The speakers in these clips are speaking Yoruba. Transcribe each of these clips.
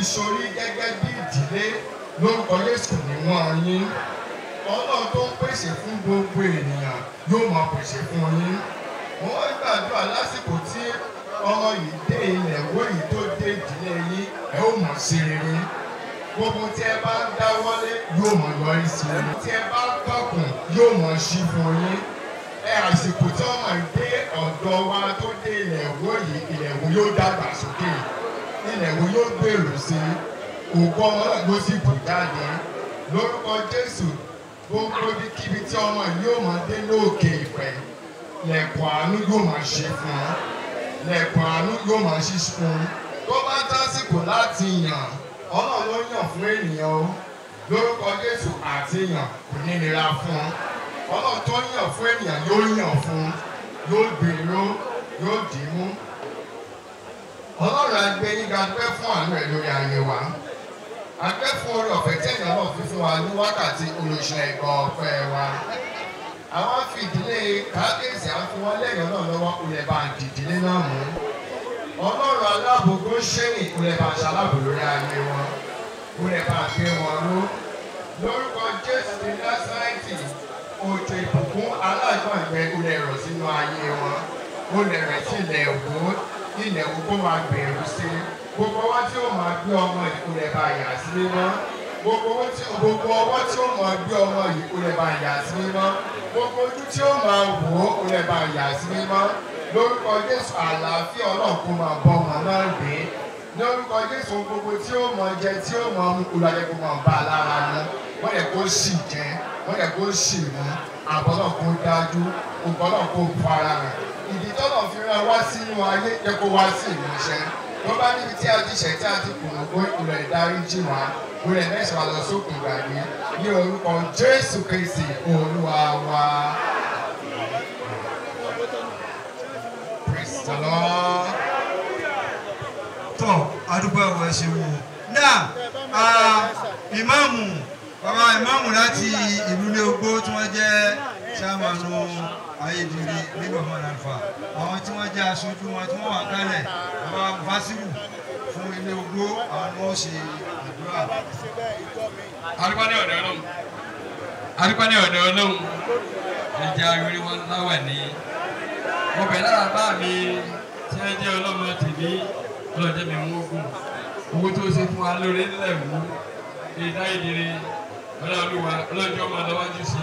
fi sórí gẹ́gẹ́ bí ìdílé lórúkọ Jésù níwọ̀n yín ọlọ́run tó ń pèsè fún gbogbo ènìyàn yóò máa pèsè fún yín wọ́n gbàdúrà lásìkò tí ọmọ yìí dé ilẹ̀ wó yìí tó dé ìdílé yín ẹ ó mọ̀ sí rere gbogbo tí ẹ bá ń dáwọ́lé yóò mọ̀ yọrí sí i tí ẹ bá ń tọkùn yóò mọ̀ sí fún yín ẹ àsìkò tí ọmọ yìí dé ọ̀dọ̀ wa tó dé ilẹ̀ wó yìí ilẹ̀ wó yóò dàgbà sókè ilẹ̀ wo yóò gbèrò sí kò gbọ́ ọlọ́gbó sí bùjáde lórúkọ Jésù gbogbo kíbi tí ọmọ yóò máa dé lóòkè ìpẹ́ lẹ̀kùn àánú yóò máa ṣe fún un lẹ̀kùn àánú yóò máa ṣe fún un tó bá tásìkò láti yàn Ọlọ́run ló yàn fún ènìyàn o lórúkọ Jésù àti yàn kò ní nira fún un Ọlọ́run tó yàn fún ènìyàn yóò yàn fún un yóò gbèrò yóò dìímú ọlọ́run agbẹ́yìnga pẹ́ fún àánú ẹ̀ lórí ayé wa agbẹ́ fún orí ọ̀fẹ́ tí ẹ̀yìn náà fi fún wa ní wákàtí olùṣẹ́ ìgbọ̀n ọ̀fẹ́ wa àwọn fi ìdílé kábíyèsí àfiwọ́n lẹ́yìn náà lọ́wọ́ olè bá ìdílé náà mú ọlọ́run alábòógó ṣẹ́yìn olè bá ṣalábò lórí ayé wọn olè bá gbé wọn ró lórúkọ Jésù ní Násárẹ́tì òjò ìbùkún alágbọ̀ngbẹ olè rọ̀ sínú ayé wọn olè rẹ̀ sílẹ̀ òkú kí ilẹ̀kùn kó máa gbèrú sí i gbogbo ọwọ́ tí ó máa gbé ọmọ ìkúlẹ̀ bá yà sí mímọ́ gbogbo ọwọ́ tí ó máa gbé ọmọ ìkúlẹ̀ bá yà sí mímọ́ gbogbo ojú tí ó máa wò ó kúlẹ̀ bá yà sí mímọ́ lórúkọ Jésù àlàáfíà Ọlọ́run máa bọ́ ọmọ náà dé lórúkọ Jésù gbogbo tí ó máa jẹ tí ó máa mú kúlẹ̀ ajẹ́ máa bá a lára mú wọ́n yẹ kó sì jẹ wọ́n yẹ kó sì mú àbọ̀ dájú ògbọ́n fara rẹ̀ tọ́lọ̀ fi rán wá sínú ayé yẹ kó wá sí ìmúṣẹ ló bá níbi tí a ti ṣẹ̀ tí a ti kùnà kó ìrẹ̀ ìdáríjì wá ìrẹ̀ mẹ́sàn lọ sókè ìgbàgbé ní orúkọ Jésù Kristi Olúwa wa. Praise the Lord. tọ́ adúgbò ẹ̀wọ̀ ẹ̀ ṣe wò náà ìmáàmù bàbá ìmáàmù láti ìlú ní ogbó tí wọ́n jẹ́ sàmánú ayédìrí nígbà fún àlàfà àwọn tí wọ́n jẹ́ aṣojú wọn tí wọ́n wà kálẹ̀ àwọn fásitì fún ilé ogbó àwọn ni wọ́n ṣe àdúrà. adúpẹ́ ọ̀dọ̀ ọlọ́run adúpẹ́ ọ̀dọ̀ ọlọ́run ẹ̀jẹ̀ àríwí wọn láwà ní. mo bẹ̀ lára bá mi tí wọ́n jẹ́ ọlọ́run tèmi ọlọ́jẹ́ mi mú ogun owó tó ṣe fún wa lórí nílẹ̀ wú ìdá ìdíre ọlọ́ọ̀lùwà ọlọ́jọ́ máa lọ́wọ́ jù sí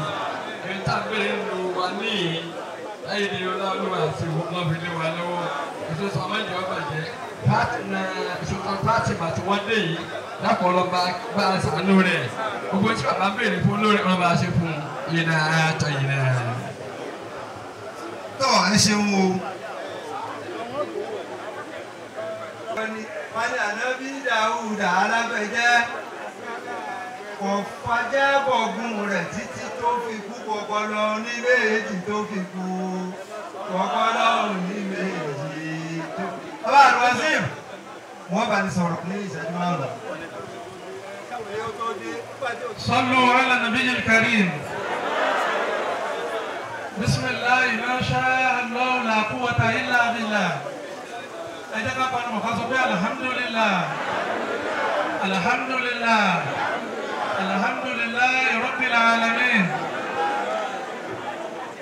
i ẹ̀ta gbére lu wa níyì láyé ni ọlọ́ọ̀lùwà àti ìwọ́n fi lé wa lọ́wọ́ ìṣòṣà méjì ọba jẹ́ ìṣòṣà pàtì màtí wọ́n dé yìí lápọ̀lọ́ba bá a sànú rẹ̀ gbogbo tí bàbá béèrè fún lórí ọ̀rọ̀ bá a ṣe fún yìí àtọ̀ yìí tọ́ ẹ ṣeun o. wọ́n ní wọ́n ní àná bí Dáúdà alábẹ́jẹ́ kò fajábọ̀gùn rẹ̀ títí tó fi kú kọ̀kọ́lọ́ ní méjì tó fi kú kọ̀kọ́lọ́ ní méjì tó fi kú. bàbá àlùwàsíìm wọ́n bá ní sọ̀rọ̀ ní ìṣẹ́jú márùn-ún. صلوا على النبي الكريم بسم الله ما شاء الله لا قوة إلا بالله ẹ jẹ́ ká panu mọ̀ ká sọ pé alihamudulilayi alihamudulilayi alhamdulilayi rabbil alamin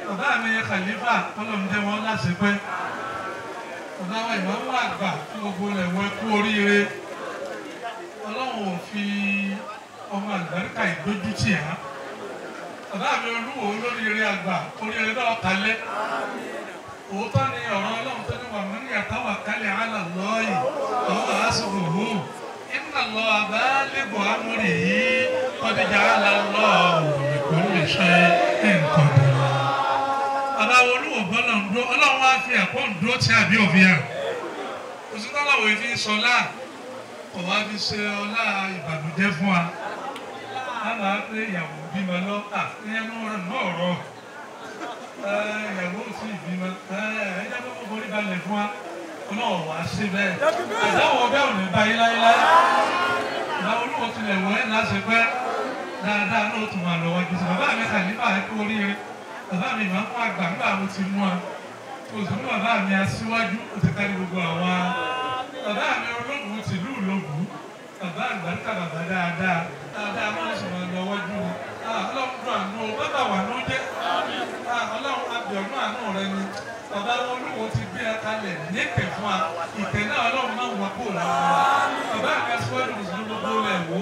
bàbá mi khalifa kọlọmdé wọn láti pẹ bàbá wa ìmọ̀mú àgbà fún gbogbo rẹ̀ wọ́n kú oríire ọlọ́run ò fi ọmọ àgbàríkà ìgbójú tì á bàbá mi olúwo olóríire àgbà oríire náà kalẹ̀ òótọ́ ni ọ̀rọ̀ ọlọ́run tó ní wàmúnìyàtọ̀ wà kálẹ̀ ala Allahi àwọn àásùkò hù. الله بالغ أمره قد جعل الله لكل شيء قدرا aláwo olúwo bọ́lá ń dúró ọlọ́run á fi ẹ̀kọ́ ń dúró tí àbí òbí à òsì tọ́lọ́wọ́ yìí fi ń sọlá ọ̀wá fi ṣe ọlá ìbànújẹ́ fún wa lára pé ìyàwó bímọ lọ àfihàn náà rọ ìyàwó sì bímọ ẹ̀ẹ́dẹ́gbẹ́ kò forí balẹ̀ fún wa ọlọ́run wá sí bẹ́ẹ̀ àdáwọ̀ ọbẹ̀ ò ní báyìí láéláé ìyàwó olúwo tilẹ̀ wọ̀ ẹ́ láṣẹ pẹ́ dáadáa náà tún wà lọ́wọ́ jù sí bàbá mi kàlífà ẹ kú oríire bàbá mi máa ń fún àgbà nígbà mo ti mú a kò sí fún bàbá mi aṣíwájú kò ti kárí gbogbo àwa bàbá mi olóògùn tìlú ìlógún bàbá àgbàríkà bàbá dáadáa dáadáa máa ń sọ̀rọ̀ lọ́wọ́ jù ọlọ́run dùn àánú bàbá wà ló jẹ́ ọlọ́run abẹ̀ọ́nù àánú rẹ ni bàbá olúwo ti kalẹ̀ nípẹ̀ fún wa ìtẹ̀ náà ọlọ́run máa wà kó wọn. ìbá àgbà síwájú ìṣúná gbogbo rẹ̀ wò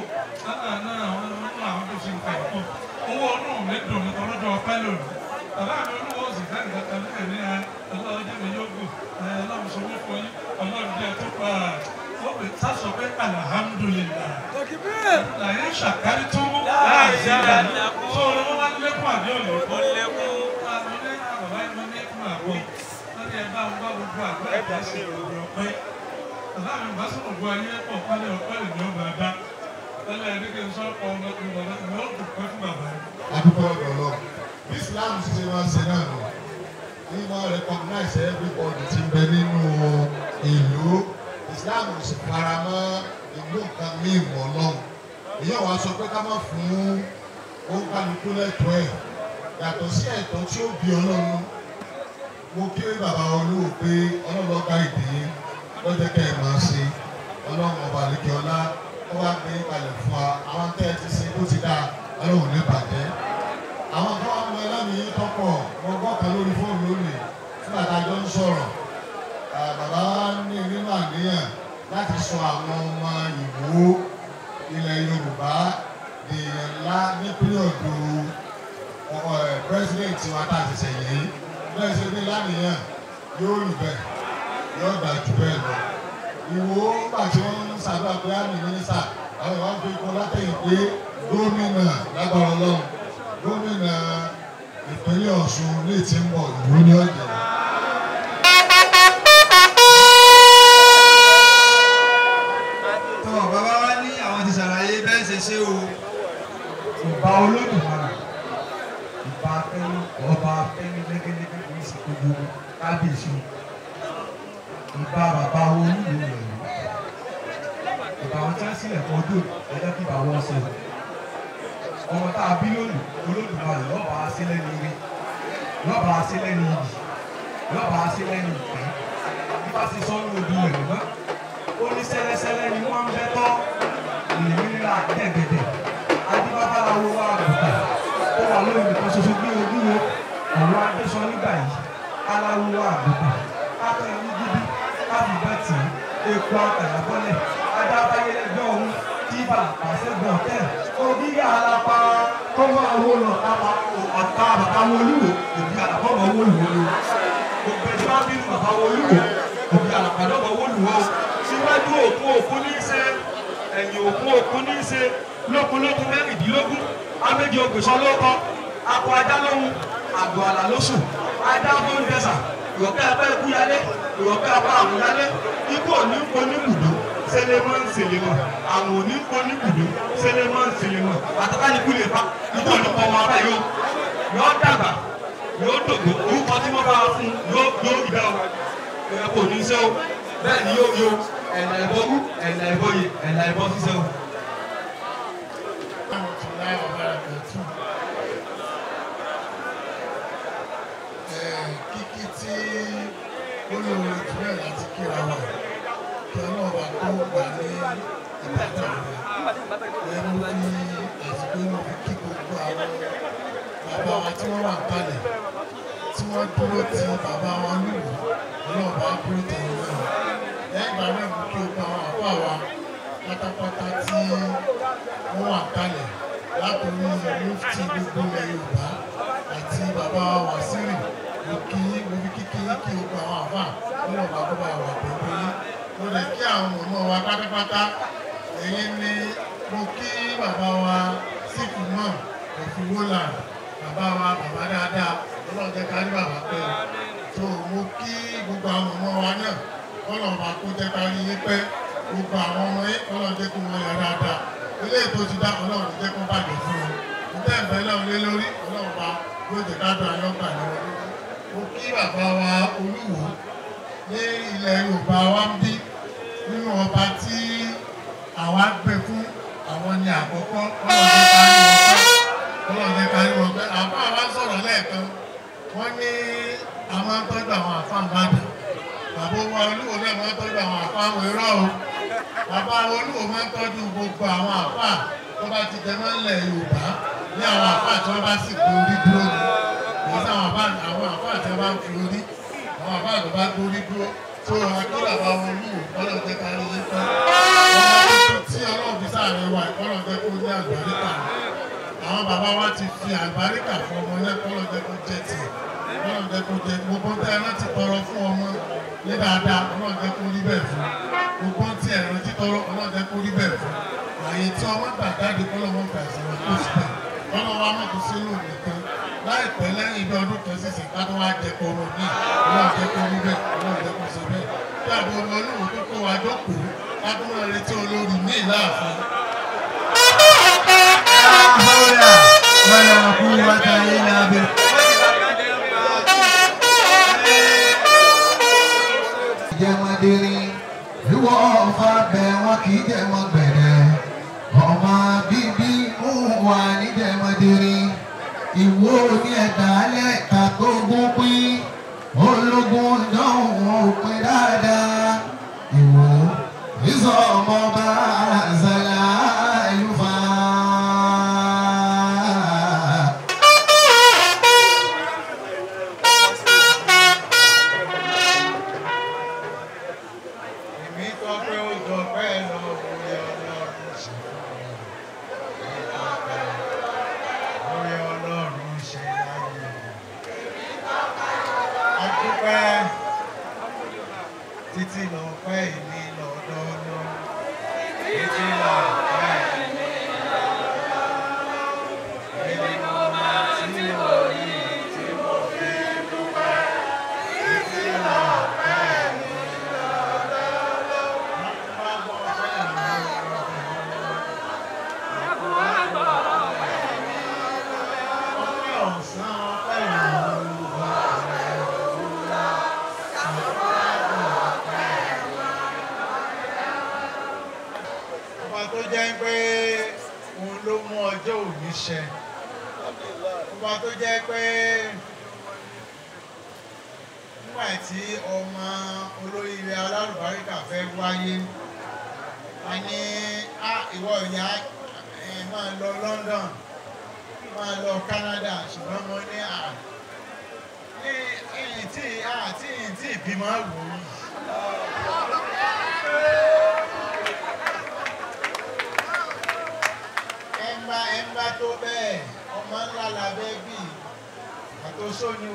náà náà wọn nínú àwọn tó ṣe ń fẹ̀ pọ̀. owó ọdún mi dùn mí ọlọ́dọ̀ ọpẹ́ lónìí. bàbá mi olúwo sì fẹ́ nǹkan kan níbẹ̀ ní ọlọ́ọ̀jẹ́ mi yóò gùn ọlọ́run sọ mí fún yín ọlọ́run jẹ́ tó pa sásọ pé alhamdulilayi làyé ṣàkárí tó mú láàyè yára sọ wọn wá lékún àbí òyìnbó lékún àbí lékún àbá ẹni lékún àbí ẹ bá ń bá gbogbo àgbà ẹ̀dá ṣe òògùn ọ̀pẹ. Bàbá mi bá sọ̀rọ̀ bu ayé pọ̀ pálẹ̀ ọ̀pẹ lè ní ọgbà bá. ẹni kí n sọ ọkọ̀ ọmọ tó lọ láti lọ́ọ̀ tó pẹ́ fún bàbá rẹ̀. Adúgbò ọ̀dọ̀ lọ, Islam ti ṣe máa ṣe náà lọ, ní máa recognize everybody ti bẹ nínú ìlú. Islam sì fara mọ́ ìlú nǹkan mí ìmọ̀ náà. Ìyá wa sọ pé ká má fún ó kálukú lẹ́tọ̀ọ́ ẹ̀. Yàtọ̀ sí ẹ̀tọ́ tí ó bí Ọlọ́run mo kí bàbá olúwo pé ọlọ́run ká ìdí lọ́jọ́ kẹ́ ẹ̀ máa ṣe ọlọ́run ọba àlejò ọlá ó wá gbé kalẹ̀ fún wa àwọn tẹ́ ẹ ti ṣe tó ti dáa ọlọ́run ní bàjẹ́. àwọn tó wà ń lọ ẹlẹ́mìí tọ́pọ̀ mo gbọ́ kan lórí fóònù lónìí fún àtàjọ ń sọ̀rọ̀ bàbá ní nínú àníyàn láti sọ àwọn ọmọ ìwò ilẹ̀ yorùbá dèèyàn ńlá nípínlẹ̀ ọ̀dọ́ president wa tá a ṣẹ̀ṣẹ̀ yìí náà ṣe ní lánìyàn yóò rí bẹ́ẹ̀ yóò dà jù bẹ́ẹ̀ lọ. Ìwò ńgbà tí wọ́n ń ṣàdúrà pé àmì mínísítà àwọn ìwà ń fi kún látẹ̀yìn pé gómìnà lágbára ọlọ́run gómìnà ìpínlẹ̀ Ọ̀ṣun lè ti ń bọ̀ ìwúni ọ̀jẹ̀ náà. kábíyèsí ìbá bàbá wọn nílùú rẹ̀ ìbá wọn tí wọ́n sílẹ̀ kan dò ẹ̀jẹ̀ kí ìbá wọn ṣe ọmọ tá a bí lónìí olódùmarè lọ́ba aṣẹ́lẹ̀ ní rí lọ́ba aṣẹ́lẹ̀ ní iyì lọ́ba aṣẹ́lẹ̀ ní ìpẹ́ nípa ti sọ́nù òdu rẹ̀ ó ní sẹ́lẹ́sẹ́lẹ́ ni wọ́n ń bẹ́ tọ́ ìrìnrìnà dẹ̀gẹ̀dẹ̀ adébábára wo wà àgùntàn ó wà lóyún nìkan ṣoṣo bí ojú wo adé aláwo àbùkù akọni gidi àbùbẹ̀tì èkó àtàlábọ́lẹ̀ adábáyélẹ́gbẹ́ ọ̀hún kíbà àṣẹgbọ̀n tẹ̀ òbí àlàpà kọ́mọ àwọn olùkàpà àtà bàbá wọn olúwo òbí àlàpà ọmọ wọn olùwo ni òbí ẹ̀jẹ̀ bá bínú bàbá wọn olúwo òbí àlàpà ọmọ wọn olùwo síwájú òkú òkú ní í ṣe ẹ̀yìn òkú òkú ní í ṣe lókun lókun mẹ́rìndínlógún amédi ògbèsọ́ akọ ajá lóhun àgọ́ àlà lóṣù adágún dẹ́sà yọ̀ká ẹgbẹ́ ikú yálé yọ̀ká ẹgbẹ́ àwọn yálé ikú òní ń poni kùdú sẹlẹmọ ń sẹlẹmọ àwọn òní ń poni kùdú sẹlẹmọ ń sẹlẹmọ àtàkàlì kú lè fa ikú òní pọ̀ wọn abá yóò yọ dàgbà yóò dògbò orúkọ tí wọ́n bá fún yóò yóò ìdá o ẹ̀kọ́ òní sẹ́wọ́ bẹ́ẹ̀ ni yóò yóò ẹ̀là ẹ̀bọ́ wú ẹ̀là ẹ̀bọ́ yẹ ẹ̀là ẹ̀bọ́ sísẹ́wọ́. ó wà ní Ìbàdàn ẹ̀rù ní àsìkò ìmọ̀ kí gbogbo àwọn bàbá wa tí wọ́n wà kalẹ̀ tí wọ́n dúró ti bàbá wa lùlù ọlọ́ọ̀bá dúró tẹ̀yìn náà lẹ́gbàá náà mú kí o gba àwọn àbá wa pátápátá tí wọ́n wà kalẹ̀ látòrí mufti gbogbo ilẹ̀ Yorùbá àti bàbá wa Wàsíìrì mo kí mo fi kíkí kí o gba àwọn àbá ọlọ́ọ̀bá gbọ́ bá wà bẹ́ẹ̀ mo lè kí àwọn ọmọ wa pátápátá èyí ni mo kí bàbá wa sífù náà òfin wọ́là bàbá wa bàbá dáadáa ọlọ́run jẹ́ ká rí bàbá pẹ́ tó mo kí gbogbo àwọn ọmọ wa náà ọlọ́run bá kó jẹ́ ká rí yín pẹ́ gbogbo àwọn ọmọ yín ọlọ́run jẹ́ kó wọ́n yà dáadáa ilé ètò ti dá ọlọ́run jẹ́ kó bàjẹ́ fún wọn mo tẹ́ lọ́run lé lórí ọlọ́run bá jẹ́ ká dùn ayọ́gbà lọ́wọ́ mo kí bàbá wa olúwo ní ilẹ̀ Yorùbá wa ń bí nínú ọba tí àwa gbé fún àwọn ni àkọ́kọ́ ọlọ́ọ̀dẹ kárí wọn pé àbá àwa sọ̀rọ̀ lẹ́ẹ̀kan wọ́n ní a máa ń tọ́jú àwọn àfáàn bàdà bàbá wa olúwo náà máa ń tọ́jú àwọn àfáàn irọ́ o bàbá wa olúwo máa ń tọ́jú gbogbo àwọn àfáà tó bá ti jẹ máa ń lẹ̀ Yorùbá ní àwọn àfáà tí wọ́n bá sì gbórí dúró ni wọ́n sáwọn àfáà tí wọ́n bá ń fi orí àwọn àfáà tó bá gbórí dúró tó àwọn kí bàbá wọn lù ọ̀nà jẹ́ ká rí yípa. tí ọlọ́run fi sáàrin wa ìkọ́nà jẹ́ kó ní àlùbáríkà. àwọn bàbá wa ti fi àlùbáríkà fún ọmọ náà kọ́nà jẹ́ kó jẹ tiẹ̀. kọ́nà jẹ́ kó jẹ gbogbo tẹ́ ẹ láti tọrọ fún ọmọ ní dáadáa kọ́nà jẹ́ kó rí bẹ́ẹ̀ fún. gbogbo tí ẹ rántí tọrọ kọ́nà jẹ́ kó rí bẹ́ẹ̀ fún. àyè tí ọmọ gbà jáde kọ́nà wọn gbà sí wọn tó sì láìpẹ́ lẹ́yìn bí ọdún kan sísè ká wá jẹ koro ní ìwọ́n jẹ koro bẹ́ẹ̀ ìwọ́n jẹ koro sọ bẹ́ẹ̀ bí àwọn ọmọ olóòwò tó kó wa jókòó ká tó retí olórí ní ìlàáfin. jẹmọdérin lúwọ ọfà bẹ wọn kì í jẹmọ gbẹdẹ ọmọ bíbí ń wà ní jẹmọdérin ìwọ ní ẹ̀dá lẹ́ka tó gún pín ológun dánwò pín dáadáa ìwọ ìsọ ọmọ bá.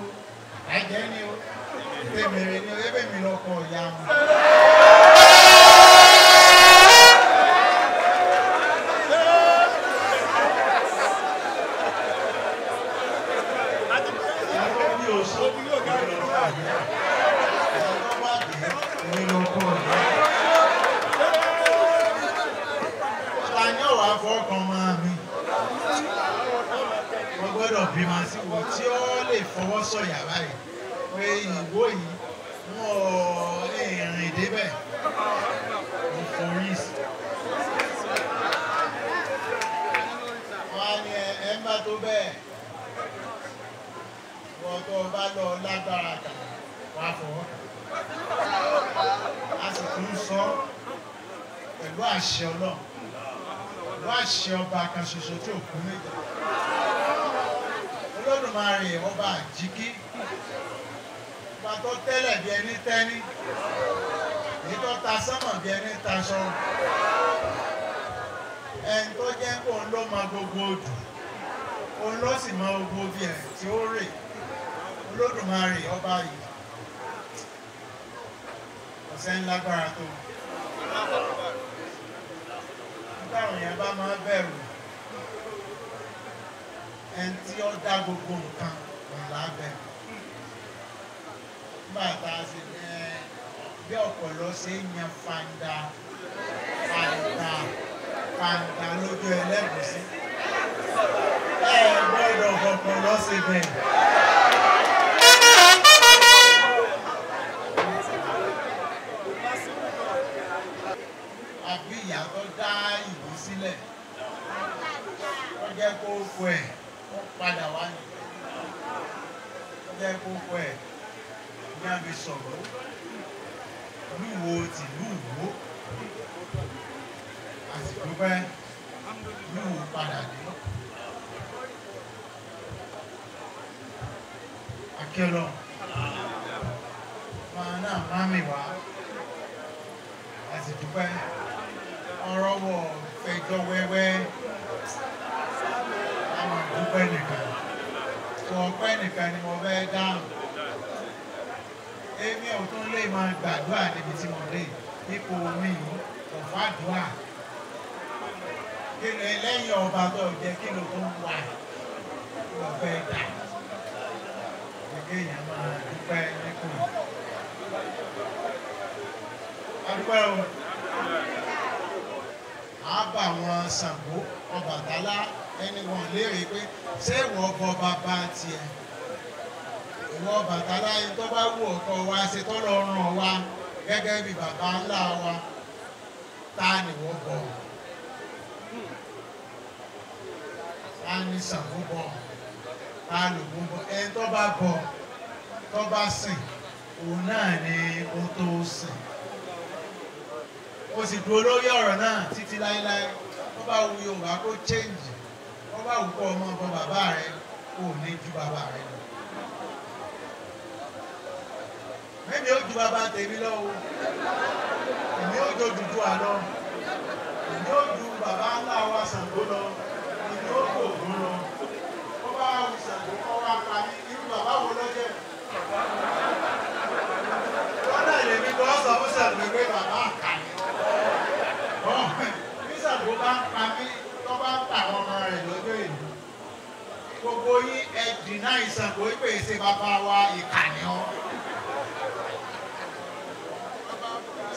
o ẹ̀jẹ̀ ni o èmèrè ni o ebe mi lọ́kọ̀ ìyá mi. ló máa rìn wọ́n bá jíkí ìgbà tó tẹ́lẹ̀ bí ẹni tẹ́ni èyí tó ta sánmọ̀ bí ẹni taṣọ ẹni tó jẹ́ kó ń ló mọ gbogbo odù òun ló sì mọ gbogbo bí ẹ̀ tí ó rè Olódùmarè ọba yìí ọ̀sẹ̀ ń lágbára tó nígbà òyìnbá máa bẹ̀rù. ẹni tí ó dá gbogbo nǹkan ọ̀la bẹ̀rẹ̀ nígbà tá a ṣe ní bí ọ̀pọ̀lọ́ ṣe ń yan fanda fanda fanda lójú ẹlẹ́gùsí ẹ gbọ́dọ̀ ọ̀pọ̀lọ́ ṣe bẹ̀rẹ̀. àbí ìyá tó dá ìlú sílẹ̀ ó jẹ́ fọ ẹ̀ wọ́n padà wá ní ọjọ́ gbogbo ẹ̀ ní àbí sọ̀rọ̀ olúwo tìlú ìwó àsìkò pẹ́ olúwo padà dé. akẹ́lọ́ máa náà má mi wá àsìkò pẹ́ ọ̀rọ̀ wọ̀ fẹjọ́ wẹ́wẹ́ dúpẹ́ nìkan tó ọpẹ́ nìkan ni mo fẹ́ dáhùn èmi ò tún lè máa gbàdúrà níbi tí mo dé ipò mi kò fàdúrà kí ni lẹ́yìn ọba tó jẹ́ kí o tó wà lọ fẹ́ dà gẹ́gẹ́ yẹn máa dúpẹ́ nípò adúpẹ́ o àbàwọn Ṣàngó Ọbàtálá ẹni wọn léèrè pé ṣé ìwọ bọ bàbá tiẹ̀ ìwọ Ọbàtálá yìí tó bá wù ọkọ wa ṣe tọrọ ọràn wa gẹ́gẹ́ bí bàbá ńlá wa ta ni wọ́n bọ ta ni Ṣàngó bọ ta lògùn bọ ẹni tó bá bọ tó bá sìn òun náà ni ó tó sìn ó sì dúró lórí ọ̀rọ̀ náà títí láéláé tó bá wu Yorùbá kó chẹ́ǹjì bá wù kọ́ ọmọ ọmọ bàbá rẹ kò ní ju bàbá rẹ lọ. Mẹ́mi ó ju bàbá tèmi lọ o. Èmi ó ju òdùdú àlọ́. Èmi ó ju bàbá ńlá wa Ṣàngó lọ. Èmi ó ju Ògún lọ. Ó bá wù Ṣàngó kọ́ wá pa ní irú bàbá wo lọ́jẹ́. Lọ́dà lèmi lọ sọ fún Ṣàngó pé bàbá àkàlẹ̀. Bí Ṣàngó bá ń pa mí tó bá ń pa àwọn ọmọ rẹ̀ lọ́jọ́ ìlú gbogbo yín ẹ dìnnà ìsàngó ìpè ṣe bàbá wa ìkànnì ọ.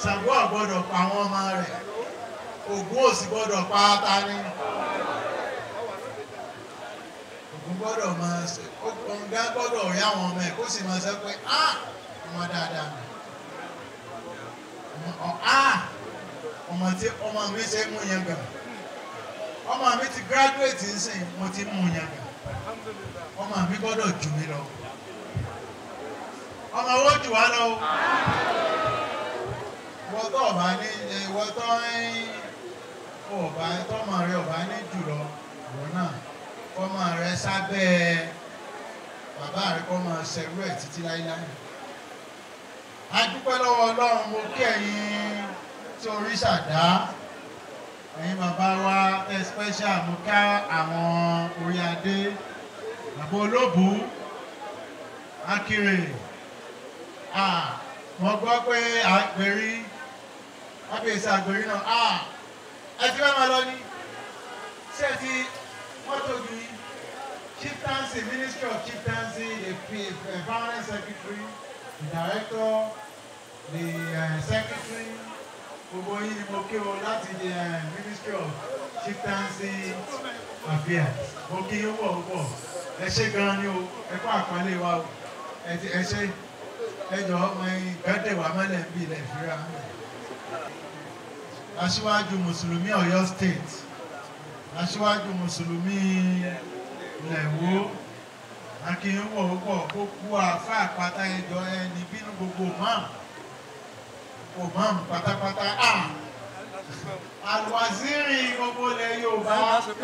Ṣàngó àgbọ́dọ̀ pa àwọn ọmọ rẹ̀ Ògún òsì gbọ́dọ̀ pa ata ní. Ògún gbọ́dọ̀ máa ṣe ọgbọ̀ngá gbọ́dọ̀ rí àwọn ọmọ ẹ̀ kó sì máa ṣe pé á ọmọ dáadáa mi. Ọmọ tí ọmọ mi ṣe mú yẹn gbẹ̀mọ̀ ọmọ mi ti graduate nsìn mo ti mú un yàgà ọmọ mi gbọ́dọ̀ jù mí lọ ọmọ owó jù wá lọ wọ́tọ̀ ọ̀bá ní wọ́tọ̀ ọ̀bá tọ́mọ rẹ ọ̀bá ní jùlọ òun náà kọ́mọ rẹ sábẹ́ bàbá rẹ kọ́mọ ṣẹlú ẹ̀ títí láíláí a dúpẹ́ lọ́wọ́ Ọlọ́run mo kí ẹ̀yin tí orí ṣàdá ẹ̀yin bàbá wa tẹ́ special mú ká àwọn orí adé bàbá olóbùú akire wọ́n gbọ́ pé àgbèrí wọ́n bèèrè sí àgbèrí náà ẹ ti fẹ́ máa lọ ní ṣé ti mọ́tò ju yìí chieftaincy ministry of chieftaincy the eh, permanent secretary the director the uh, secretary gbogbo yín ni mo kí o láti eh, ministry of chieftaincy affairs mo kí yín pọ̀ pọ̀ ẹ ṣé gan ni o ẹ kó àpọ́nlé wa o ẹ ṣé ẹ jọ ọmọ ìgbẹ́dẹ̀ wà mọ́lẹ̀ bíi ilẹ̀ ìfira aṣíwájú mùsùlùmí Ọ̀yọ́ state aṣíwájú mùsùlùmí lẹ̀wọ́ akínyìnwó pọ̀ kó kú àfa àpáta ẹjọ́ ẹni bínú gbogbo mọ́ọ̀ imam pátápátá à ah! alwaziri gbogbo ilẹ̀ Yorùbá ìbámọ̀tì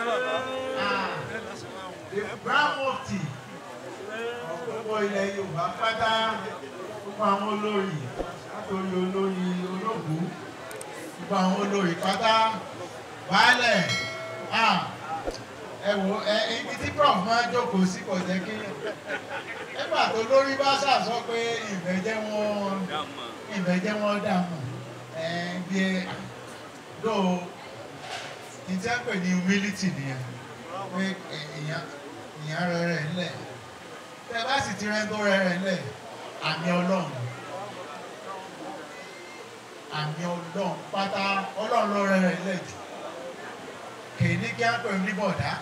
ah! gbogbo ilẹ̀ Yorùbá pátá gbogbo àwọn olórí látòrí olórí olóògùn gbogbo àwọn olórí pátá baálẹ̀ à ah! ẹ wò ẹ ibi tí prof máa jókòó sí kò jẹ́ kí nígbà tó lórí bá ṣàṣọ pé ìbẹ̀jẹ̀ wọn ìfẹ́ jẹ́ wọ́n dààmú bí ẹ ló ìtẹ́ pè ní humility nìyẹn pé èèyàn èèyàn rẹ rẹ̀ ńlẹ̀ tẹ bá sì ti rẹ́ tó rẹ rẹ̀ ńlẹ̀ àmì ọlọ́run àmì ọlọ́run pátá ọlọ́run ló rẹ rẹ̀ ńlẹ̀ jù kèé ní kí á pè ní bọ̀dá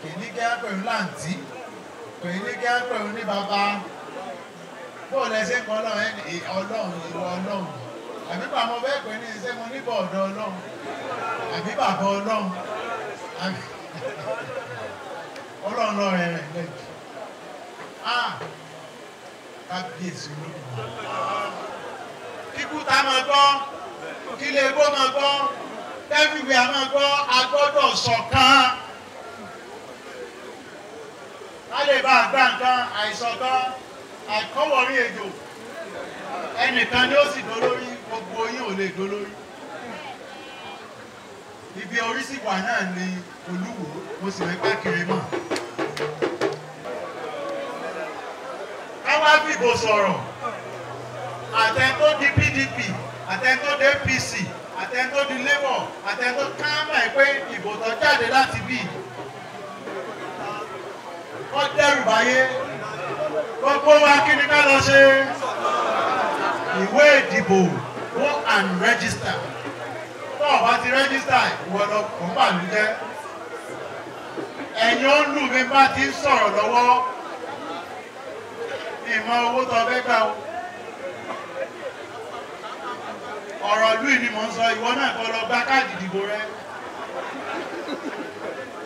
kèé ní kí á pè ní láǹtí kèé ní kí á pè ní bàbá bóòlù ẹsẹ̀ kan ọlọ́run ẹni ọlọ́run ìwọ ọlọ́run àbí bàbá mo fẹ́ pè ní ẹsẹ̀ mo ní bọ̀ọ̀dọ̀ ọlọ́run àbí bàbá ọlọ́run ọlọ́run lọ́rẹ̀ rẹ̀ lẹ́jọ́ kábíyèsí olódùmarè kíkú tá máa gbọ́ kílé egbò máa gbọ́ tẹ́fìwé a máa gbọ́ agbọ́dọ̀ ṣọ̀kan ká lè bá àgbà nǹkan àìṣọ̀kan àkọ́wọ̀rí èjò ẹnìkan ni ó sì dolórí gbogbo yín ò lè dolórí ibi orísìwà náà ni olúwo mo sì rẹ pákiri mọ. káwá fìbò sọ̀rọ̀ àtẹ̀tó di PDP àtẹ̀tó di APC àtẹ̀tó di Labour àtẹ̀tó kámà ẹ̀ pé ìbò tó jáde láti bì. wọ́n dẹ́rù báyé gbogbo wa kí ni ká lọ ṣe ìwé ìdìbò go and register tó o bá ti register ìwọ lọ kàn bà mí ẹ̀yin ó lù mí bá ti ń sọ̀rọ̀ lọ́wọ́ ìmọ̀ owó tó fẹ́ gbà o ọ̀rọ̀ ìlú ni mò ń sọ ìwọ náà kọ́ lọ gba káàdì ìdìbò rẹ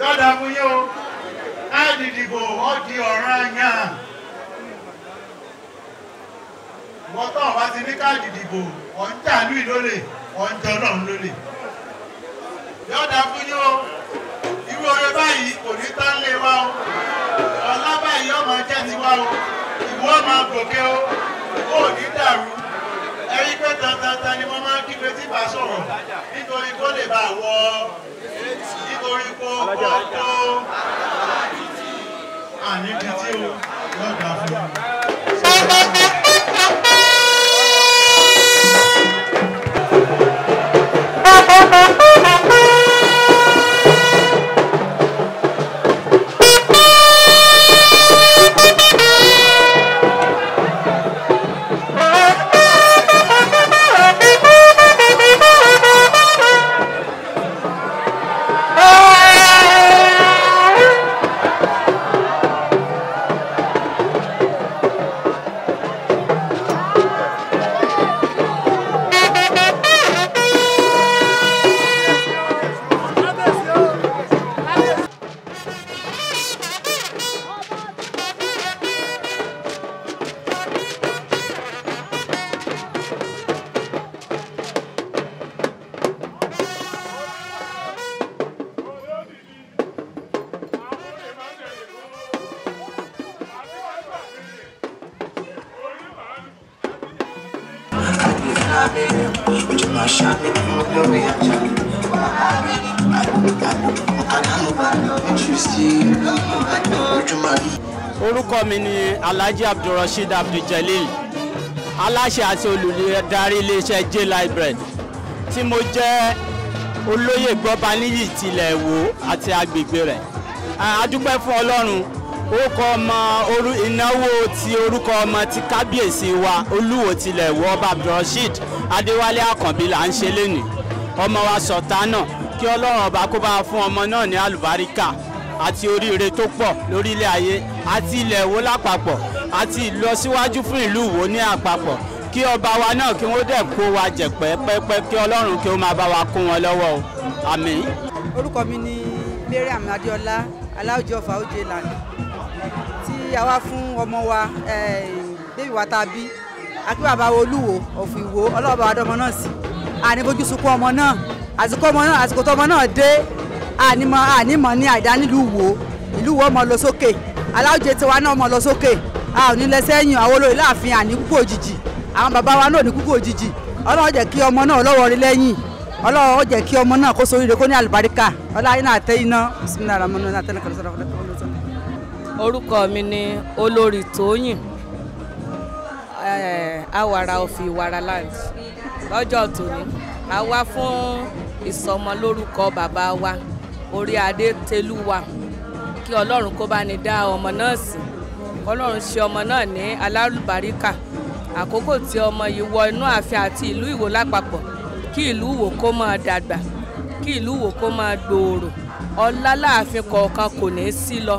yọ̀dà fún yín o káàdì ìdìbò ó di ọ̀ranyàn wọ́n tán wá ti ní káàdì ìdìbò wọ́n ń jà ní náà ń lólè. yọ̀dà fún yín o irú oore báyìí kò ní tán lé wa o ọlá báyìí ọmọ jẹ́ tiwa o ìwọ máa gòkè o kò ní dàrú ẹ̀rí pé tantantan ni wọ́n máa ń kígbe tí bá sọ̀rọ̀ nítorí kó lè bá wọ nítorí kó kó kó àní bíi o yọ̀dà fún yín. orúkọ mi ni alhaji abdulrasheed abduljalil aláṣẹ àti olùdarí iléeṣẹ́ j library tí mo jẹ́ olóyè gbọ́baníyì tilẹ̀ Ìwó àti agbègbè rẹ̀ a fún ọlọ́run orúkọ ọmọ orú ìnáwó ti orúkọ ọmọ ti kábíyèsí wa olúwo tilẹ̀ wọ ọba abdulrasheed adéwálé àkànbí là ń ṣe lénìí ọmọ wa sọ̀tánà kí ọlọ́run ọba kó bá fún ọmọ náà ní àlùbáríkà àti oríire tó pọ̀ lórílẹ̀ ayé àti ilẹ̀ wo lápapọ̀ àti ìlọsíwájú fún ìlú wo ní àpapọ̀ kí ọba wa náà kí wọ́n dẹ̀ kó wa jẹ̀ pẹ́pẹ́pẹ́ kí ọlọ́run kí ó máa bá wa kún wọn lọ́wọ́ o àmín. orúkọ mi ni mariam adéọlá aláwùjọ fàájì lànà a wá fún ọmọ wa eh, bébì wa tá a bí akí bàbá olúwo ọ̀fù ìwò ọlọ́ọ̀bà náà sí àní sunkún ọmọ náà àsìkò ọmọ náà àsìkò tó náà dé ànímọ̀ ànímọ̀ ní àìdá wo ìlú wo ọmọ lọ sókè aláwùjẹ tiwa náà ọmọ lọ sókè a ò àwọn olórí láàfin àní kúkú òjijì àwọn bàbá wa náà ní kúkú òjijì ọlọ́run jẹ́ kí ọmọ náà lọ́wọ́ rí lẹ́yìn ọlọ́run jẹ́ kí ọmọ náà kó sóríire kó ní àlùbáríkà ọlá iná náà bisimilayi rahman rahim orúkọ mi ni olórí tóyìn awara of Iwara land lọ́jọ́ tòní a wá fún ìsọmọlórúkọ bàbá wa orí adé tẹlúwa kí ọlọ́run kó bá ní dá ọmọ náà sí ọlọ́run ṣe ọmọ náà ní alálùbáríkà àkókò tí ọmọ yìí wọ inú ààfin àti ìlú ìwò lápapọ̀ kí ìlú ìwò kó máa dàgbà kí ìlú ìwò kó máa gbòòrò ọlá láàfin kọ̀ọ̀kan kò ní í sí lọ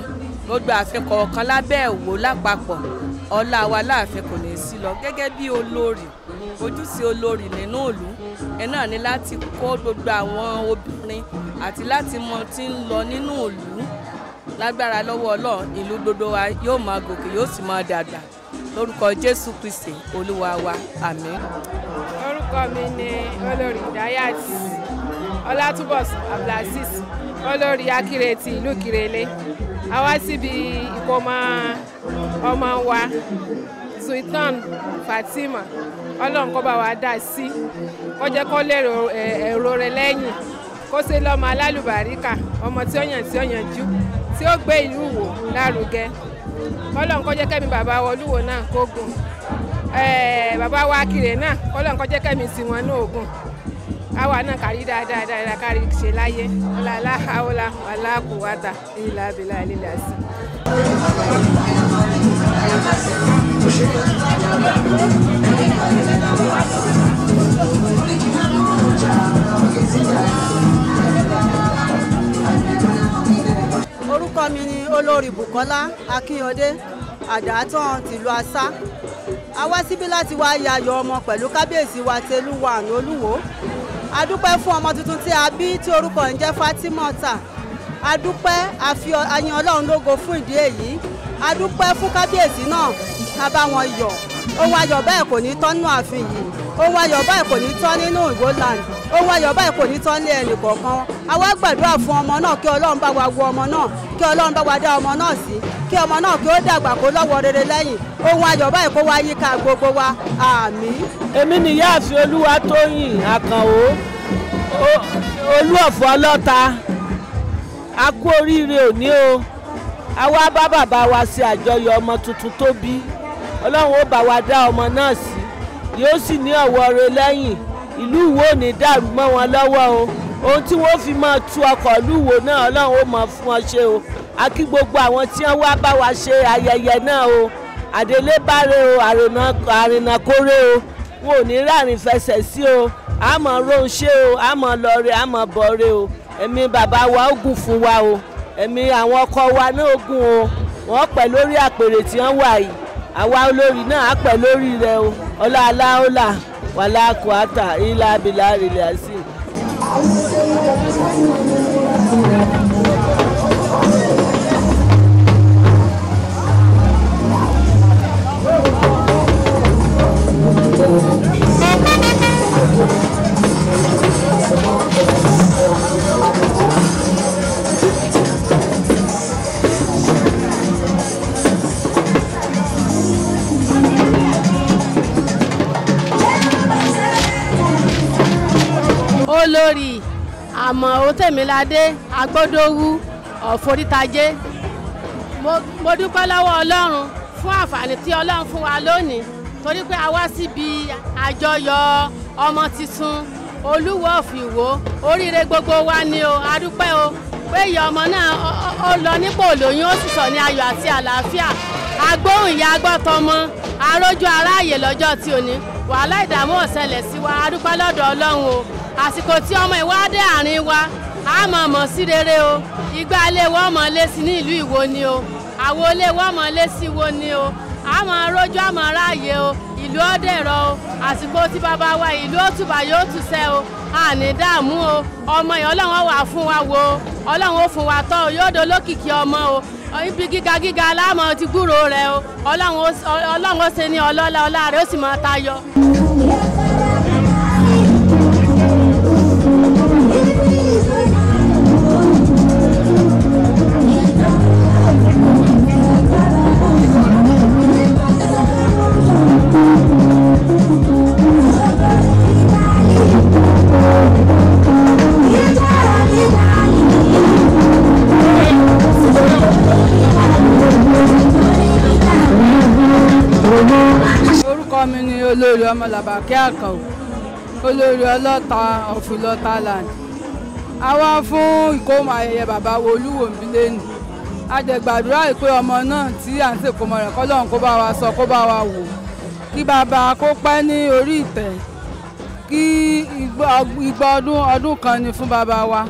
gbogbo ààfin kọ̀ọ̀kan lábẹ́ Ìwó lápapọ̀ ọlá wa láàfin kò ní í sí lọ gẹ́gẹ́ bí olórí ojúṣe olórí nínú ìlú ẹ náà ni láti kó gbogbo àwọn obìnrin àti láti mọ tí ń lọ nínú ìlú lágbára lọ́wọ́ Ọlọ́run ìlú gbogbo wa yóò máa gòkè yóò sì máa dàgbà lórúkọ Jésù Kristi Olúwa wa àmín. orúkọ mi ni olórí Dayat Ọlátúbọ̀ Abdulaziz olórí akịrị ti ìlú Kirele a wá síbi ìkómọ ọmọ wa Sultan Fatima ọlọ wa dá sí kó jẹ́ kó lérò èrò rẹ̀ lẹ́yìn kó ṣe lọ́mọ alálùbáríkà ọmọ tí ó yàn tí ó yànjú tí ó gbé ìlú wò lárugẹ jẹ́ káwa náà kárí dáadáa dáadáa kárí ṣe láyé ọlá aláhàwọlá aláàkúwàtà ìlà abìlà lílà sí. orúkọ mi ni olórí Bùkọ́lá Akínyọdé àdàtàn tìlú asá a wá síbí láti wá yayọ̀ ọmọ pẹ̀lú kábíyèsí wa tẹlúwa àná olúwo a dúpẹ́ fún ọmọ tuntun tí a bí tí orúkọ ń jẹ́ Fatimota a dúpẹ́ àfi ayin Ọlọ́run lógo fún ìdí èyí a dúpẹ́ fún kábíyèsí náà a bá wọn yọ̀ ohun ayọ̀ bẹ́ẹ̀ kò ní tọ́ nínú ààfin yìí ohun ayọ̀ bẹ́ẹ̀ kò ní tọ́ nínú Ìwó land ohun ayọ̀ báyìí kò ní tán lé ẹnì kọ̀ọ̀kan àwa gbàdúrà fún ọmọ náà kí ọlọ́run bá wa wo ọmọ náà kí ọlọ́run bá wa dá ọmọ náà sí kí ọmọ náà kí ó dàgbà kó lọ́wọ́ rere lẹ́yìn ohun ayọ̀ báyìí kó wá yíká gbogbo wa àmín. èmi nìyáàfin olúwatóyìn àkànwó olúọ̀fọ̀ ọlọ́ta a kú oríire òní o àwa bá bàbá wa ṣe àjọyọ̀ ọmọ tuntun tó bí ọlọ́run ó bá wa dá ọmọ náà sí yóò sì ní ọ̀wọ́ rere lẹ́yìn ìlú Ìwó ò ní dàrú mọ́ wọn lọ́wọ́ o ohun tí wọ́n fi máa tu ọkọ̀ ìlú Ìwó náà Ọlọ́run ó mọ̀ fún wọn ṣe o a kí gbogbo àwọn tí wọ́n wá bá wa ṣe ayẹyẹ náà o àdélébáre o àrìnàkórè o wọn ò ní ráàrin fẹsẹ̀ sí o àmọ́ ronṣẹ́ o àmọ́ lọ́ọ̀rẹ́ àmọ́ bọ̀ọ̀rẹ́ o ẹ̀mí bàbá wa ó gùn fún wa o ẹ̀mí àwọn ọkọ wa náà gùn o wọ́n pẹ̀ lórí àpèrè tí wọ́n wà yìí àwa olórí náà á pẹ̀ lórí rẹ o ọlá aláọ́là wàlá kùátà ìlà abilà rìlẹ̀ olórí àmọ́ òtẹ̀míládé agbódówú ọ̀forítajé mo dúpẹ́ lọ́wọ́ ọlọ́run fún àǹfààní tí ọlọ́run fún wa lónìí torí pé a wá síbi àjọyọ̀ ọmọ tuntun olúwo òfìwò oríire gbogbo wa ni o a dúpẹ́ o pé ìyá ọmọ náà ó lọ nípò lóyún ó sì sọ ní ayọ̀ àti àlàáfíà agbóhùn ìyá agbọ́tọmọ arójú aráàyè lọ́jọ́ tí òní wàhálà ìdààmú ọ̀sẹ̀lẹ̀ sí wa adúpẹ́ lọ́dọ̀ ọlọ́run o àsìkò tí ọmọ ìwádìí àárín wa a mọ̀ mọ̀ sí rere o igbá ilé wọ́n mọ̀ lé sí ní ìlú ìwo ni o àwo ilé wọ́n mọ̀ lé sí wo ni o a mọ̀ arójú àmọ̀ aráàyè o ìlú ọ̀dẹ̀rọ̀ o àsìkò tí bàbá wa ìlú òtùbà yóò túṣẹ́ o àní dààmú o ọmọ yẹn ọlọ́run wà fún wa wo ọlọ́run ó fún wa tọ́ o yóò dolókìkí ọmọ o ọyìn bí gíga gíga aláàmọ ti gbúrò rẹ o ọlọrun ó ṣe ní ọlọlá ọlá rẹ ó sì máa tayọ. orúkọ mi ni olórí ọmọlàbàkẹ́ àkànó olórí ọlọ́ta ọ̀fùlọ́ta land a wá fún ìkómọ ayẹyẹ bàbá wo olúwo nbílẹ́nu a dẹ̀ gbàdúrà ìpè ọmọ náà tí à ń ṣèkómọ rẹ̀ kọ́lọ́run kó bá wa sọ kó bá wa wò kí bàbá kó pẹ́ ní orí ìtẹ́ kí igba ọdún ọdún kan ni fún bàbá wa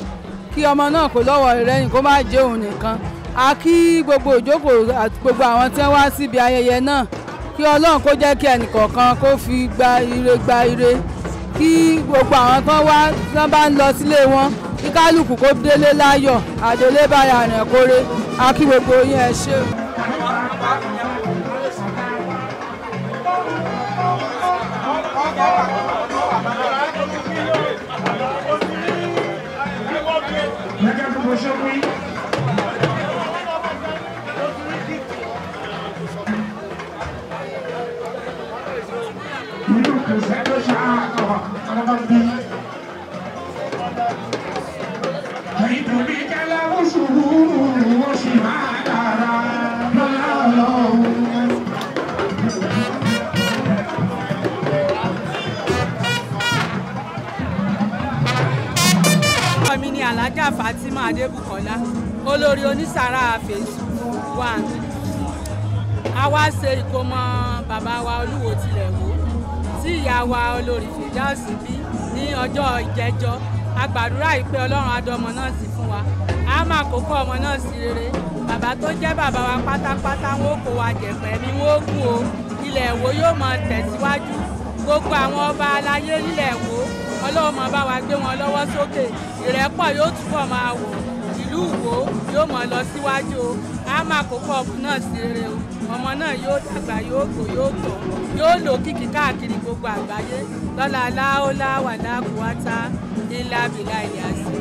kí ọmọ náà kó lọ́wọ́ ìrẹ́yìn kó má jẹ́ òun nìkan a kí gbogbo ìjókòó gbogbo àwọn tí wọ́n wá síbi ayẹyẹ náà kí ọlọ́run kó jẹ́ kí ẹnìkọ̀ọ̀kan kó fi gba ire gba ire kí gbogbo àwọn kan wá tí wọ́n bá ń lọ sílé wọn kí kálukú kó délé láyọ̀ àdélébáyà rẹ̀ kórè a kí gbogbo kan bí. Àìdùnmí kẹ́lẹ́ ó ṣubú ó sì máa dára lọ́la ọlọ́run. Ọkọ mi ni Alájà Fatima Adébùkọ́lá, olórí onísàárà fèsì wà ní. A wá ṣe ìkómọ bàbá wa olúwo tilẹ̀ wò tí ìyá wa olórí fèjá òsì bí ọjọ́ ìjẹ́jọ́ a gbàdúrà yìí pé ọlọ́run adọ́mọ náà sí fún wa a máa kókó ọmọ náà sí rere bàbá tó jẹ́ bàbá wa pátápátá wọn ò kó wa jẹ̀pẹ̀ mi wọn ò gùn o ilẹ̀ èwo yóò máa tẹ̀síwájú gbogbo àwọn ọba aláyé nílẹ̀ èwo ọlọ́run máa bá wa gbé wọn lọ́wọ́ sókè ìrẹ́pọ̀ yóò túbọ̀ máa wọ̀ ìlú Ìwó yóò máa lọ síwájú o a máa kókó ọmọ náà sí rere o ọmọ náà yóò dàgbà yóò gbó yóò tọ̀ yóò lò kìkì káàkiri gbogbo àgbáyé lọ́la láólá wàlá kùwátá ńlá bìlá ìyàsí.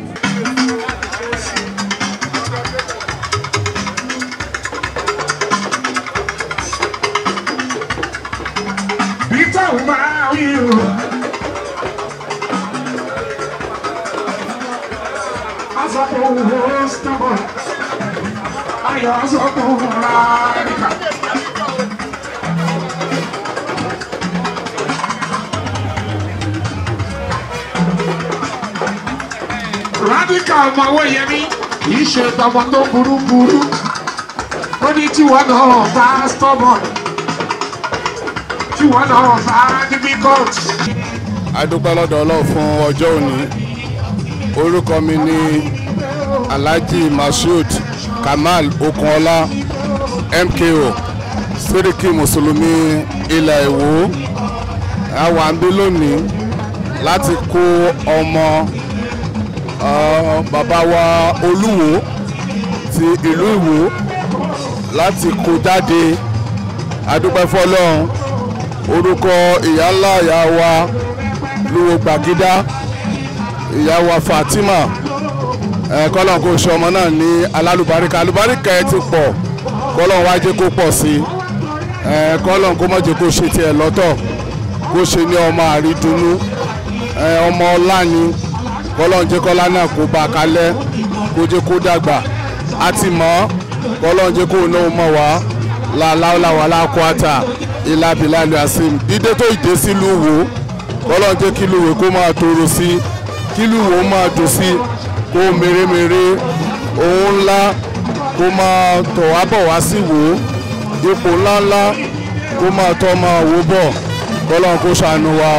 bí táwọn máa ń rò. Azapou, rosto, ai, azapou, radical. sádìkà ọmọ owó yẹmí kì í ṣe tọmọ tó burú burú ó ní tiwọn náà bá stubborn tiwọn náà bá difficult. a dúpẹ́ lọ́dọ̀ Ọlọ́run fún ọjọ́ òní orúkọ mi ni Alhaji Mashood Kamal Okunola MKO sẹ́ríkì mùsùlùmí ilẹ̀ Ìwó a wà ń bí lónìí láti kó ọmọ bàbá wa olúwo ti ìlú ìwò láti kó jáde adúpẹ́ fọlọ́run orúkọ ìyá ńlá ìyá wa lúwo gbàgídá ìyá wa fatima kọ́lọ́n kò ṣe ọmọ náà ní alálùbáríkà alùbáríkà ẹ ti pọ̀ kọ́lọ́n wá jẹ́ kó pọ̀ sí i kọ́lọ́n kó má kó ṣe tiẹ̀ lọ́tọ̀ kó ṣe ní ọmọ àrídùnnú ọmọ ọlá ni. kọ́lọ́njẹ́kọ́lá náà kò bá a kalẹ̀ kó jẹ́ kó dàgbà á ti mọ̀ ọ́ kọ́lọ́njẹ́ náà mọ̀ wá làlàó kwata ìlà dídé tó ìdé sílùú wo kọ́lọ́njẹ́ kílùwé kó máa tòrò sí máa dùn sí kó mèremère òun ńlá kó máa tọ̀ wá bọ̀ wá sí wò ipò ńláńlá kó máa tọ́ máa wò wa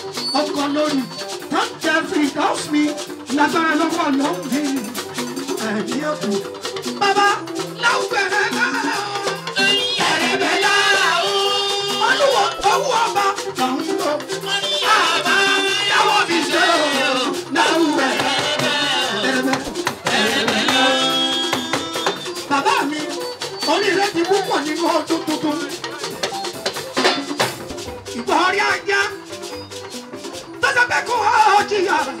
use me lágbára lọ́wọ́ lọ́wọ́ mi ẹ̀mí ẹ̀kú. bàbá láwùbẹ̀rẹ̀ lára ẹ̀rẹ̀bẹ̀ lára o. olúwo owó ọba làwọn ń lọ. bàbá yàwó mi ṣe o láwùbẹ̀rẹ̀ ẹ̀rẹ̀bẹ̀ lára. bàbá mi oríire ti púpọ̀ nínú ọdún tuntun. ìgbà orí ajá tọ́jà bẹ́ẹ̀ kó ọjì yàrá.